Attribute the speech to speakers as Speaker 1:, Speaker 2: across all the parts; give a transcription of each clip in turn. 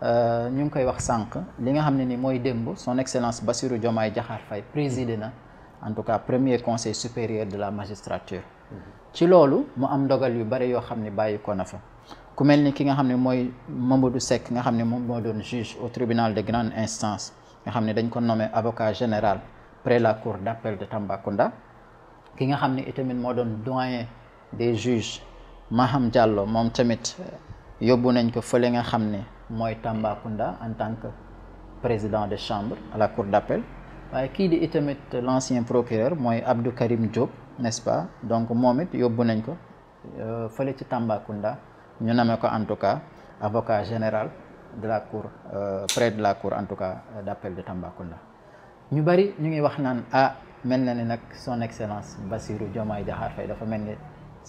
Speaker 1: Euh, ñu ngi koy wax sànq li nga xam ne ni mooy démb son excellence Bassirou Diomaye Diakhar Faye présidé na en tout cas premier conseil supérieur de la magistrature ci loolu mu am ndogal yu bari yoo xam ne bàyyi ko na fa ku mel ni ki nga xam ne mooy Mamadou Seck nga xam ne moom moo doon juge au tribunal de grande instance nga xam ne dañ ko nommé avocat général près la cour d'appel de Tambacounda ki nga xam ne tamit moo doon doyen des juges Maham Diallo moom tamit euh, yóbbu nañ ko fële nga xam ne mooy Tambacounda en tant que président de chambre à la cour d'appel waaye kii di itamit l'ancien procureur mooy Abdou Karim Diop n'est-ce pas donc moom it yóbbu nañ ko euh, fële ci Tambacounda ñu name ko en tout cas avocat général de la cour euh, près de la cour en tout cas d'appel de Tambacounda ñu bari ñu ngi wax naan ah mel na ni nag son excellence Bassirou Diomaye Diakhar Faye dafa mel ni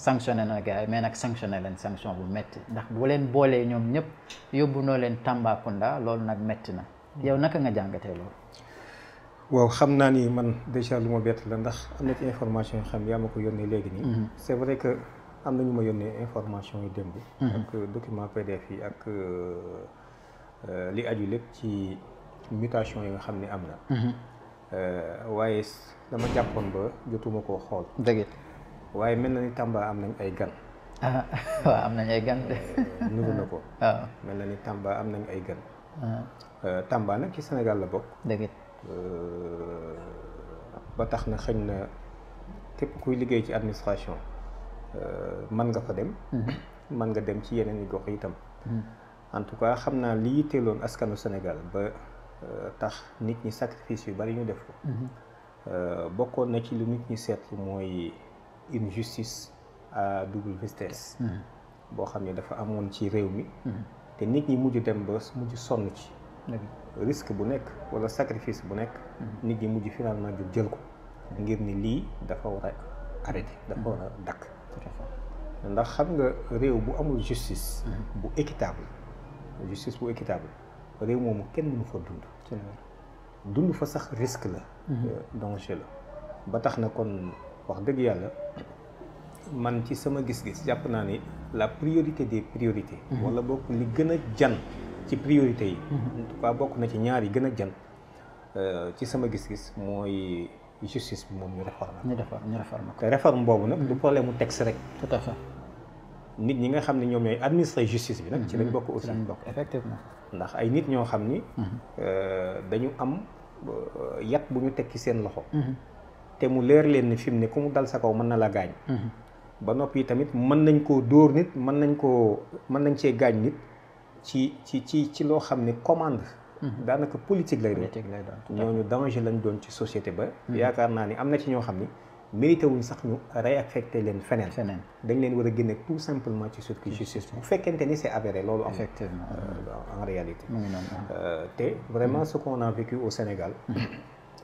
Speaker 1: sanctionné na gars yi mais nag sanctionné leen sanction bu métti ndax boo leen boolee ñoom ñëpp yóbbu noo leen Tambacounda loolu nag métti na yow naka nga jàngatee loolu.
Speaker 2: waaw xam naa ni man déjà lu ma bett la ndax am na ci information yoo xam yaa ma ko yónnee léegi nii. Mhm. c'est vrai que am na ñu ma yónnee information yu démb. Mhm. ak euh, document PDF yi ak euh, euh, li aju lépp ci mutation yi xam ni am na. Mhm. waaye dama jàppoon ba jotuma koo xool. waaye mel na ni Tamba am nañ ay gan.
Speaker 1: Ah, am nañ ay gan de. Eh, nuru na
Speaker 2: ko. waaw mel na ni Tamba am nañ ay gan. Ah. Eh, Tamba nag ci Sénégal la bokk. dëgg eh, ba tax na xëñ na képp kuy liggéey ci administration mën nga fa dem. Mhm. mën nga dem ci yeneen i gox itam. Mhm. en tout cas xam naa li yitteeloon askanu Sénégal ba tax nit ñi sacrifice yu bari ñu def ko. Mhm. bokkoon na ci lu nit ñi seetlu mooy. une justice à double vitesse. Hmm. boo xam ne dafa amoon ci réew mi. Hmm. te nit ñi mujj dem ba mujj sonn ci. risque bu nekk wala sacrifice bu nekk. Hmm. nit ñi mujj finalement jub jël ko. ngir ni lii dafa war a arrêté dafa war a dakk. ndax xam nga réew bu amul justice. bu équitable justice bu équitable réew moomu kenn mënu fa dund. dund fa sax risque la. Euh, danger la ba tax na kon. wax dëgg yàlla man ci sama gis-gis jàpp naa ni la priorité des priorités. Mhm. wala bokk li gën a jan ci priorité yi. Mhm. en tout bokk na ci ñaari gën a jan euh, ci sama gis-gis mooy justice bi moom ñu réformer. ñu réformer ñu réformer ko te réforme boobu nag. lu mhm. problème mu texte rek. tout à nit ñi nga xam ne ñoom ñooy administrer justice bi nag. ci lañ bokk aussi lañ bokk ndax ay nit ñoo xam ni. Euh, dañu am euh, yat bu ñu teg seen loxo. te mu leer leen ni fi mu ne ku mu dal sa kaw mën na la gaañ. Mhm. ba noppi tamit mën nañ koo dóor nit mën nañ koo mën nañ cee gaañ nit ci ci ci ci loo xam ne commande. Mhm. daanaka politique lay doon ñu danger lañ doon ci société ba. Mhm. yaakaar naa ni am na ci ñoo xam ni mérité wuñ sax ñu réaffecté leen feneen. feneen dañ leen war a génne tout simplement ci circuit justice bu fekkente ni c'est avéré loolu am. effectivement euh, en réalité. Euh, te vraiment ce qu'on a vécu au Sénégal.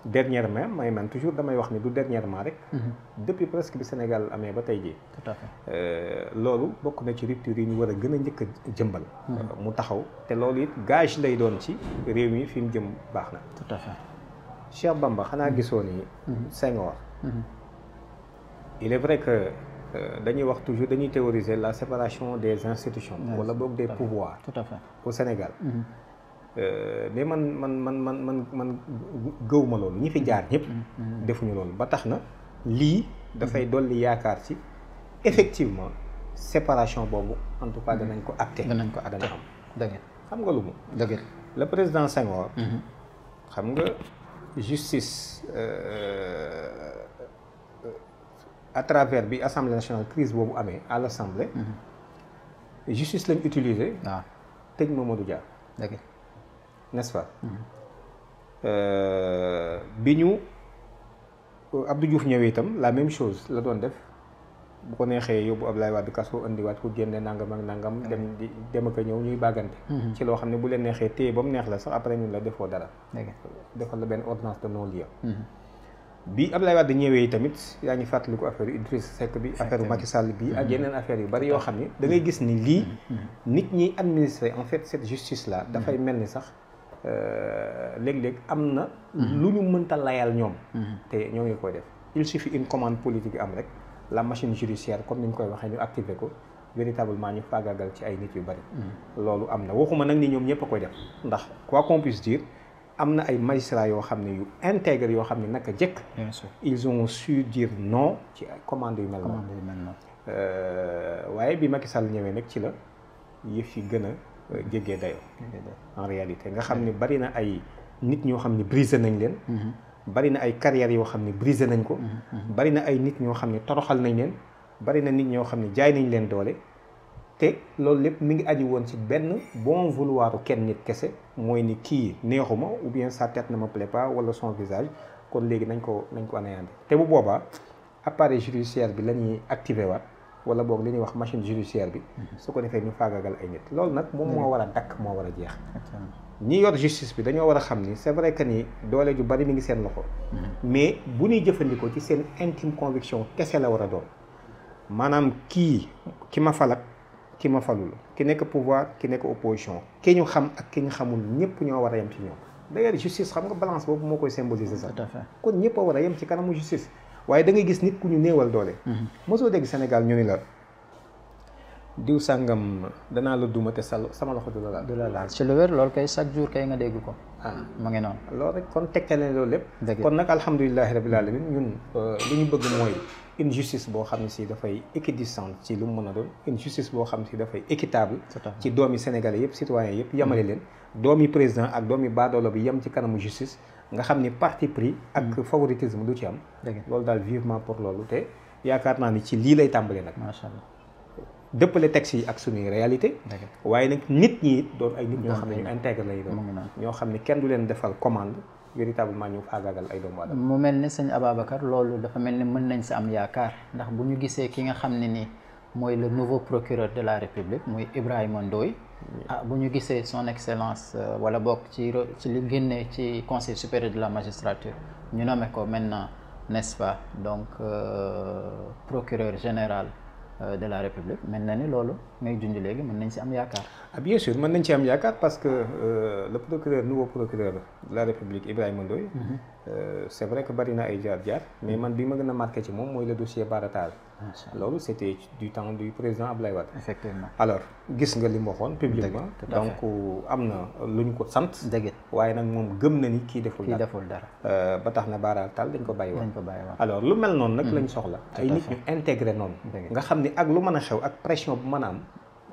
Speaker 2: dernièrement may man toujours damay wax ni du dernièrement rek. Mhm. depuis presque bi Sénégal amee ba tey jii. tout à euh, loolu bokk na ci rupture yi ñu war a gën a njëkk a jëmbal. Mhm. Euh, mu taxaw te loolu it gage lay doon ci réew mi fi mu jëm baax na. tout à Bamba xanaa mhm. gisoo ni. Senghor. il est vrai que euh, dañuy wax toujours dañuy théoriser la séparation des institutions. wala boog de pouvoirs. tout à fait au Sénégal. Euh, mais man man man man man man gëwuma loolu ñi fi jaar ñëpp. Mm, mm. defuñu loolu ba tax na lii. dafay mm-hmm. dolli yaakaar ci effectivement séparation boobu en tout cas danañ ko mm-hmm. acté. danañ ko acté dana am xam nga lu mu. dëgg la président Senghor. Mm-hmm. xam nga justice euh, euh, à travers bi assemblée nationale crise boobu amee à l' assemblée. justice lañ utiliser. waaw ah. tëj Mamadou Dia. n'est-ce pas mm-hmm. euh, bi ñu Abdou Diouf ñëwee itam la même chose la doon def bu ko neexee yóbbu Abdoulaye Wade kaso andiwaat ku génne nangam ak nangam mm-hmm. dem di dem ak ñëw ñuy bàggante mm-hmm. ci loo xam ne bu leen neexee téye ba mu neex la sax après ñun la defoo dara defal la benn ordonnance de non-lieu bi Abdoulaye Wade ñëwee tamit yaa ngi fàttaliku affaire Idriss Seck bi affaire Macky Sall bi ak yeneen affaire yu bari yoo xam ne da ngay gis ni lii nit ñiy administrer en fait cette justice là dafay Euh, léeg-léeg am na. Mhm. lu ñu mënta layal ñoom. Mhm. te ñoo ngi koy def il suffit une commande politique am rek la machine judiciaire comme ni ñu koy waxee ñu activé ko véritablement ñu faagaagal ci ay nit yu bari. Mhm. loolu am na waxuma nag ni ñoom ñëpp a koy def ndax quoi qu'on puisse am na ay magistrats yoo xam ne yu intègre yoo xam ne naka jëkk ils ont su dire non ci ay commandes yu mel noonu euh, waaye bi Macky Sall ñëwee nag ci la yëf yi gën a jéggee dayoo en réalité nga xam ne bari na ay nit ñoo xam ne brisé nañ leen mm-hmm. bari na ay carrières yoo xam ne brisé nañ ko mm-hmm. mm-hmm. barina ay nit ñoo xam ne toroxal nañ leen bari na nit ñoo xam ne jaay nañ leen doole te loolu lépp mu ngi aju woon ci benn bon vouloiru kenn nit kese mooy ni kii neexuma ou bien sa tête ne me plaît pas wala son visage kon léegi nañ ko nañ ko anéandir te bu boobaa appareil judiciaire bi la ñuy activé waat wala boog li ñuy wax machine judiciaire bi mhm. su ko defee ñu faagagal ay nit loolu nag moom moo mhm. war a dakk moo war a jeex ñi yor justice bi dañoo war a xam ni c'est vrai que ni doole ju bari mu ngi seen loxo mhm. mais bu ñuy jëfandikoo ci seen intime conviction kese la war a doon maanaam kii ki ma falak ki ma falul ki nekk pouvoir ki nekk opposition ki ñu xam ak ki ñu xamul ñëpp ñoo war a yem ci ñoom d'ailleurs justice xam nga balance boobu moo koy symboliser sax kon a war a yem ci kanamu justice waaye da ngay gis nit ku ñu néewal doole. Mhm. mosoo dégg Sénégal ñu ni la diw sàngam danaa la duma te sa sama loxo du la laal. la laal ci lu wér loolu kay chaque jour kay nga dégg ko. ah ma ngi noonu. loolu rek kon tegtale loolu lépp. kon nag alhamdulilahi rabil alamin ñun euh, lu ñu bëgg mooy. une boo xam ne si dafay équidistante ci lu mu mën a doon une justice boo xam ne si dafay équitable ci doomi sénégalais yëpp citoyen yëpp yamale mm. leen doomi président ak doomi baadoolo bi yem ci kanamu justice nga xam ni parti pris ak mm. favoritisme du ci am loolu daal vivement pour loolu te yaakaar naa ni ci lii lay tàmbale nag macha dëppale texte yi ak suñuy réalité waaye nag nit ñi it ay nit ñoo xam ne ñu intègre lay doon ñoo xam ne kenn du leen defal commande véritablement ñu faagaagal ay doomu
Speaker 1: aadama mu mel ni sëñ Ababacar loolu dafa mel ni mën nañ sa am yaakaar ndax bu ñu gisee ki nga xam ne ni mooy le nouveau procureur de la république muy Ibrahima Ndoye ah bu ñu gisee son excellence euh, wala bokk ci ci li génnee ci conseil supérieur de la magistrature ñu nommé ko maintenant n'est-ce pas donc euh, procureur général euh, de la république mel na ni loolu
Speaker 2: ngay junj léegi mën nañ ci am yaakaar. ah bien sûr mën nañ ci am yaakaar parce que le procureur nouveau procureur de la république Ibrahima Ndoye. Mm-hmm. Euh, c'est vrai que bari na ay jaar-jaar mais man bi ma gën a marqué ci moom mooy le dossier Baratal loolu c'était du temps du président Ablaye Wade effectivement alors gis nga li mu waxoon publiquement donc euh, am na lu ñu ko sant dëgg waaye nag moom gëm na ni kii deful dara kii deful dara euh, ba tax na Baratal dañ ko bàyyi woon alors lu mel noonu nag hmm. lañu soxla ay nit ñu intégré noonu nga xam ni ak lu mën a xew ak pression bu mën a am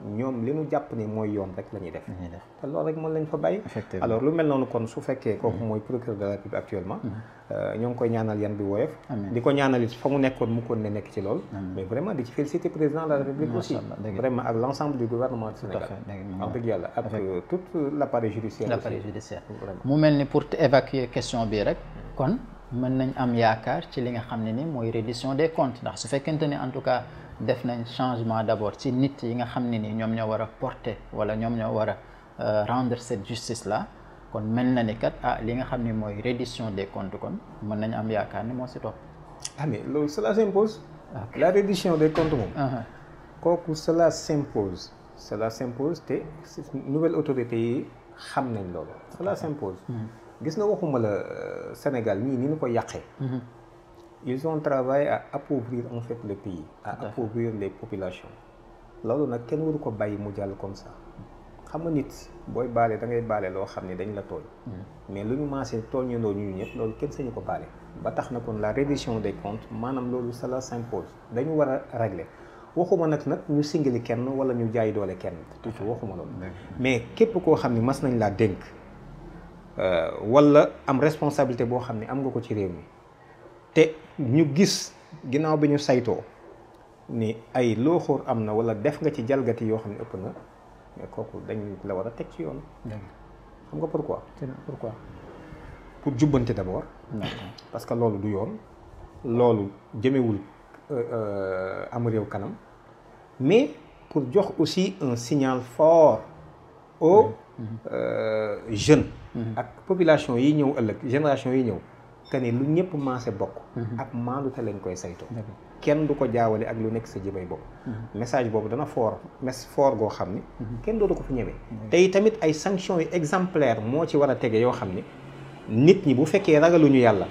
Speaker 2: ñoom li ñu jàpp ni mooy yoon rek la def te loolu rek moom lañ fa bàyyi lu mel noonu kon su fekkee kooku mm-hmm. mooy procureur de la République actuellement mm-hmm. euh, ñoo koy ñaanal yan bi woyof di ko ñaanal fa mu nekkoon mu kon ne nekk ci lool mais vraiment di la tout l'appareil judiciaire l'appareil mu mel ni pour évacuer
Speaker 1: question bi rek kon mën nañ am yaakaar ci li nga xam ne ni mooy reddition des comptes ndax su fekkente ne en tout cas def nañ changement d'abord ci nit yi nga xam ne nii ñoom ñoo war a porter wala ñoom ñoo war a euh, rendre cette justice la kon mel na ni kat ah li nga xam ni mooy reddition des comptes kon mën nañ am yaakaar
Speaker 2: ne moo si topp. ah mais loolu cela s'impose. la reddition des comptes moom. Ah, ah. kooku cela s'impose. cela s'impose te nouvelle autorité yi xam nañ loolu. cela s'impose. Mm-hmm. gis nga waxuma la euh, Sénégal ñii ni ñu ko yàqee. Mm-hmm. ils ont travaillé à appauvrir en fait le pays à appauvrir le population loolu nag kenn waru ko bàyyi mu jàll comme sax xam nga nit booy baale da ngay baale loo xam ne dañ la tool mm. mais lu ñu maasee tool ñu ñëpp loolu kenn sañu ko baale ba tax na kon la reddition des comptes maanaam loolu cela s'impose dañu war a régler waxuma nag nag ñu singali kenn wala ñu jaay doole kenn tuuti waxuma loolu mais képp koo xam ni mas nañ laa dénk euh, walla am responsabilité boo xam ne am nga ko ci réew mi te ñu gis ginnaaw bi ñu saytoo ni ay looxoor am na wala def nga ci jalgati yoo xam ne ëpp na mais kooku dañ la war a teg ci yoon. xam nga pourquoi. pourquoi. pour jubbanti d'abord. parce que loolu du yoon. loolu jëmewul euh, euh, am réew kanam mais pour jox aussi un signal fort aux mhm. euh, jeunes. Mhm. ak population yi ñëw ëllëg génération yi ñëw. que ni lu ñëpp maase bokk. Mhm. ak maandute lañ koy saytoo. kenn du ko jaawale ak lu nekk sa jëmay boobu mhm. message boobu dana foor mes foor goo xam ni. Mhm. kenn dootu ko fi ñemee. tey tamit ay sanctions yu exemplaire moo ci war a tege yoo xam ne nit ñi bu fekkee ragaluñu yàlla.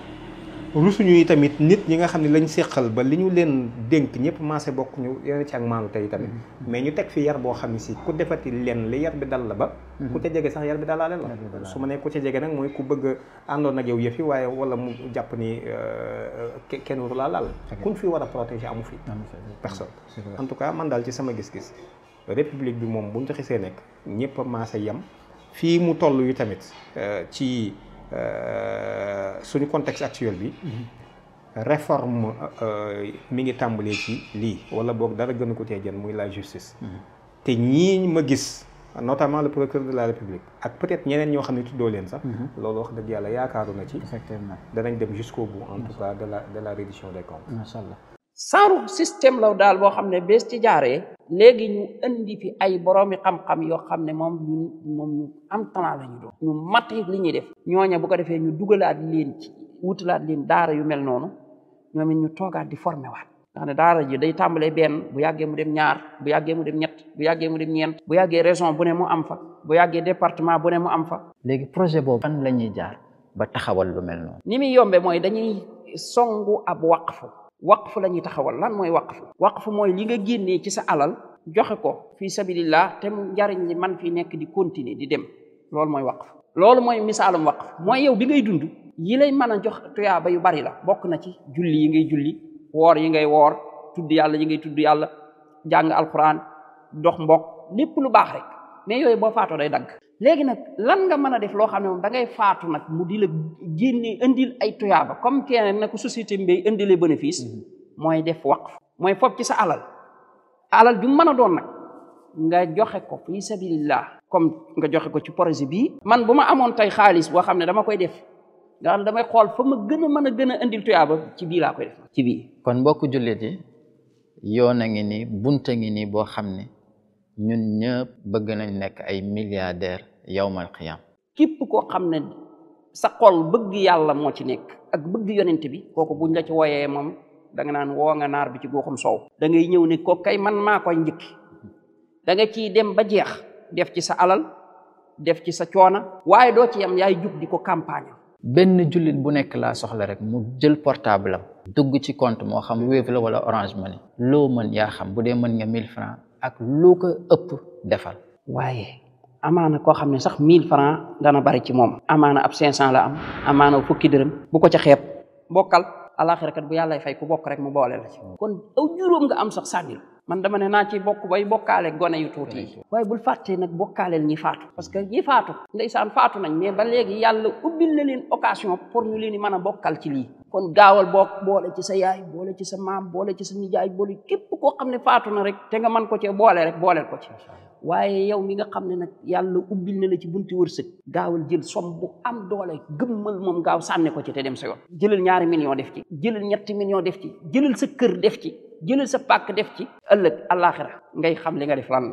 Speaker 2: rusuñu yi tamit nit ñi nga xam ne lañ séqal ba li ñu leen dénk ñëpp maase bokk ñu yeneen ci ak maanu tey tamit mm-hmm. mais ñu teg fi yar boo xam ne si ku defati leen li yar bi dal la ba mm-hmm. ku ca jege sax yar bi dalaale la su ma ne ku ca jege nag mooy ku bëgg àndoon ak yow yëf yi waaye wala mu jàpp ni euh, kenn waru laa laal kuñ fi war a protéger amu fi personne en tout cas man daal ci sama gis-gis république bi moom buñ ci xisee nekk ñëpp a maase yem fii mu toll yu tamit euh, ci Euh, suñu contexte actuel bi mhm. réforme euh, mi ngi tàmbalee ci lii wala boog dara gën a ko tee jën muy la justice mhm. te ñii ma gis notamment le procureur de la république ak peut-être ñeneen ñoo xam ne tuddoo leen sax mhm. loolu wax dëgg yàlla yaakaaru na ci danañ dem jusqu'au bout en tout cas de la de la reddition des comptes macha
Speaker 3: saaru système law daal boo xam ne bés ci jaaree léegi ñu indi fi ay boroomi xam-xam yoo xam ne moom ñu moom ñu am talent la ñu doon ñu mat li ñuy def ñooña bu ko defee ñu dugalaat leen ci wutalaat leen daara yu mel noonu ñoom it ñu toogaat di formé waat ndax ne daara ji day tàmbalee benn bu yàggee mu dem ñaar bu yàggee mu dem ñett bu yàggee mu dem ñeent bu yàggee région bu ne mu am fa bu yàggee département bu ne mu am fa
Speaker 1: léegi projet boobu fan la ñuy jaar ba taxawal lu mel
Speaker 3: noonu waqfu la ñuy taxawal lan mooy fu waqfu fu mooy li nga génnee ci sa alal joxe ko fii sabilillah te njariñ li man fii nekk di continuer di dem loolu mooy waqf loolu mooy misaalum waqf mooy yow bi ngay dund yi lay mën a jox tuyaaba yu bari la bokk na ci julli yi ngay julli woor yi ngay woor tudd yàlla yi ngay tudd yàlla jàng alquran dox mbokk lépp lu baax rek mais yooyu boo faatoo day dagg léegi nag lan nga mën a def loo xam ne moom da ngay faatu nag mu di la génne indil ay tuyaaba comme keneen na ko société mbay indile bénéfice mm-hmm. mooy def waqf mooy fob ci sa alal alal ju mën a doon nag nga joxe ko fi sabilillah comme nga joxe ko ci projet bii man bu ma amoon tey xaalis boo xam ne dama koy def nga xam damay xool fa ma gën a mën a gën a indil tuyaaba ci bii
Speaker 1: ci bii kon mbokku jullit yi yoon a ngi nii bunta ngi nii boo xam ne ñun ñëpp bëgg nañ nekk ay milliardaire yawmal qiyaam
Speaker 3: képp koo xam ne sa xol bëgg yàlla moo ci nekk ak bëgg yonent bi kooku buñ la ci wooyee moom danga naan woo nga naar bi ci goxum soow dangay ñëw ne ko kay man maa koy njëkki da nga ciy dem ba jeex def ci sa alal def ci sa coona waaye doo ci yam yaay jug di ko campagne
Speaker 1: benn jullit bu nekk laa soxla rek mu jël portable am dugg ci compte moo xam Wave la wala orangement Money loo mën yaa xam bu dee mën nga 1000
Speaker 3: francs ak loo ko ëpp defal waaye amaana koo xam ne sax 1000 francs dana bari ci moom amaana ab 500 la am amaana fukki dërëm bu ko ca xeeb bokkal alaxira kat bu yàllay fay ku bokk rek mu boole la ci kon aw juróom nga am sax sànnil man dama ne naa ci bokk bay bokkaale gone yu tuuti yi waaye bul fàttee nag bokkaaleel ñi faatu parce que ñi faatu ndeysaan faatu nañ mais ba léegi yàlla ubbil na pour ñu leen di mën a bokkal ci lii kon gaawal bokk boole ci sa yaay boole ci sa maam boole ci sa nijaay boole képp koo xam ne faatu na rek te nga mën ko ci boole rek booleel ko ci waaye yow mi nga xam ne nag yàlla ubbil na la ci bunti wërsëg gaawal jël som bu am doole gëmmal moom gaaw sànni ko ci te dem sa yoon jëlal ñaari million def ci jëlal ñetti million def ci jëlal sa kër def ci jëlal sa pàkk def ci ëllëg àllaaxira ngay xam li nga def lan la